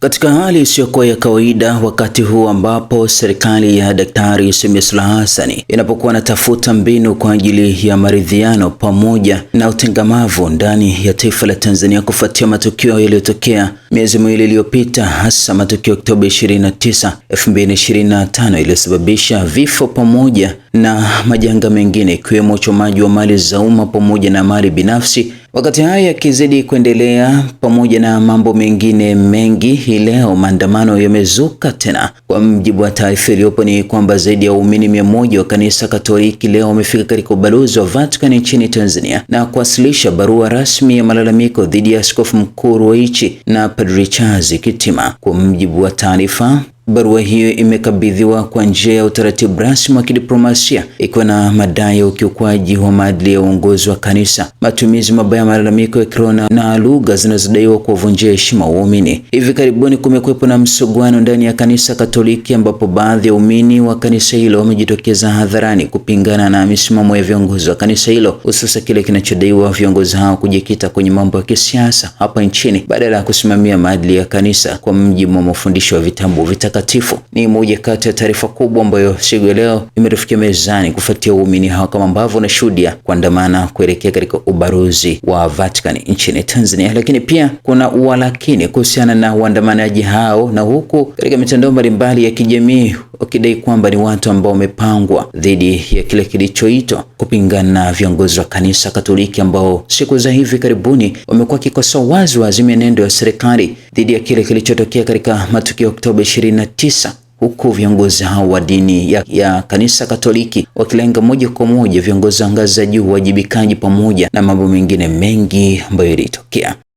Katika hali isiyokuwa ya kawaida wakati huu ambapo serikali ya Daktari Samia Suluhu Hassan inapokuwa natafuta mbinu kwa ajili ya maridhiano pamoja na utengamavu ndani ya taifa la Tanzania kufuatia matukio yaliyotokea miezi miwili iliyopita, hasa matukio ya Oktoba 29, 2025 yaliyosababisha vifo pamoja na majanga mengine ikiwemo uchomaji wa mali za umma pamoja na mali binafsi Wakati haya yakizidi kuendelea pamoja na mambo mengine mengi, hii leo maandamano yamezuka tena. Kwa mjibu wa taarifa iliyopo ni kwamba zaidi ya waumini mia moja wa kanisa Katoliki leo wamefika katika ubalozi wa Vatican nchini Tanzania na kuwasilisha barua rasmi ya malalamiko dhidi ya askofu mkuu Ruwaichi na Padri Charles Kitima. Kwa mjibu wa taarifa Barua hiyo imekabidhiwa kwa njia ya utaratibu rasmi wa kidiplomasia ikiwa na madai ya ukiukwaji wa maadili ya uongozi wa kanisa, matumizi mabaya ya malalamiko ya kirona na lugha zinazodaiwa kuwavunjia heshima waumini. Hivi karibuni kumekwepo na msuguano ndani ya kanisa Katoliki ambapo baadhi ya waumini wa kanisa hilo wamejitokeza hadharani kupingana na misimamo ya viongozi wa kanisa hilo, hususa kile kinachodaiwa viongozi hao kujikita kwenye mambo ya kisiasa hapa nchini badala ya kusimamia maadili ya kanisa kwa mji wa mafundisho ya vitabu vitaka Mtakatifu ni moja kati ya taarifa kubwa ambayo siku ya leo imetufikia mezani kufuatia waumini hawa kama ambavyo unashuhudia kuandamana kuelekea katika ubaruzi wa Vatican nchini Tanzania, lakini pia kuna walakini kuhusiana na waandamanaji hao, na huku katika mitandao mbalimbali ya kijamii wakidai kwamba ni watu ambao wamepangwa dhidi ya kile kilichoitwa kupingana na viongozi wa kanisa Katoliki ambao siku za hivi karibuni wamekuwa wakikosoa wazi wazi mienendo ya serikali dhidi ya kile kilichotokea katika matukio ya Oktoba 29 huku viongozi hao wa dini ya, ya kanisa Katoliki wakilenga moja kwa moja viongozi wa ngazi za juu, uwajibikaji, pamoja na mambo mengine mengi ambayo yalitokea.